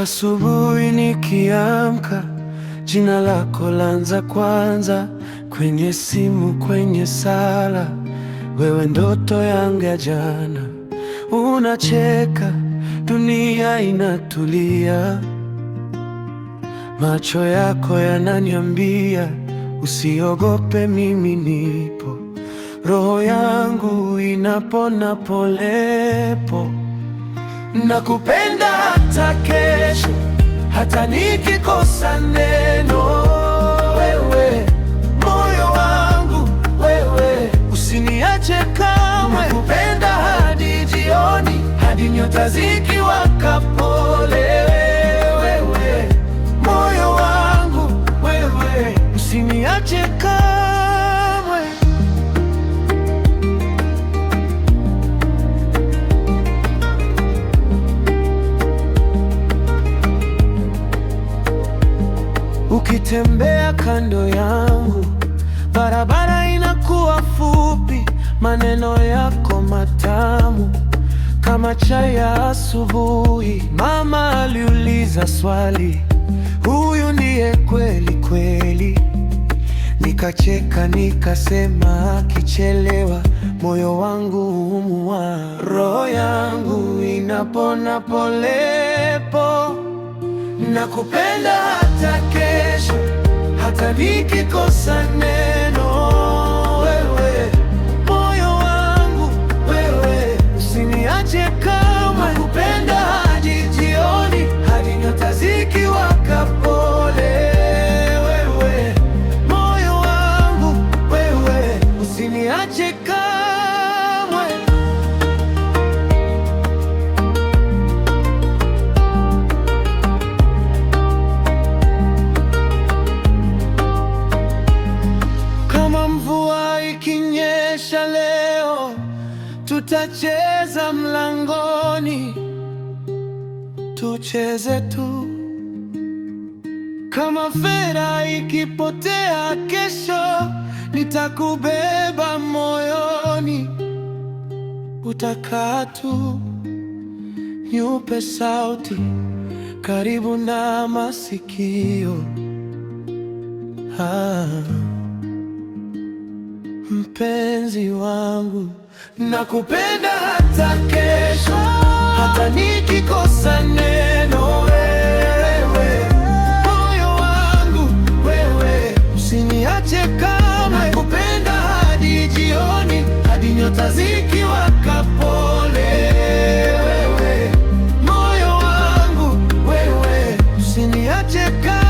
Asubuhi nikiamka, jina lako lanza kwanza, kwenye simu, kwenye sala. Wewe ndoto yangu ya jana, unacheka, dunia inatulia. Macho yako yananiambia usiogope, mimi nipo. Roho yangu inapona polepo, nakupenda take hata nikikosa neno, wewe moyo wangu, wewe usiniache kamwe, kupenda hadi jioni, hadi nyota zikiwaka. Ukitembea kando yangu, barabara inakuwa fupi, maneno yako matamu kama chai ya asubuhi. Mama aliuliza swali, huyu ndiye kweli kweli? Nikacheka nikasema, kichelewa moyo wangu humwa, roho yangu inapona polepo, nakupenda hata nikikosa neno, wewe moyo wangu, wewe usiniache kama kupenda hadi jioni, hadi nyota zikiwaka pole, wewe moyo wangu, wewe usiniache kama mvua ikinyesha leo, tutacheza mlangoni, tucheze tu. Kama fera ikipotea kesho, nitakubeba moyoni, utakaa tu, nyupe sauti karibu na masikio ah mpenzi wangu, nakupenda hata kesho, hata nikikosa neno wewe, moyo wangu wewe, usiniache kamwe, nakupenda hadi jioni, hadi nyota zikiwaka pole wewe, moyo wangu wewe, usiniache kamwe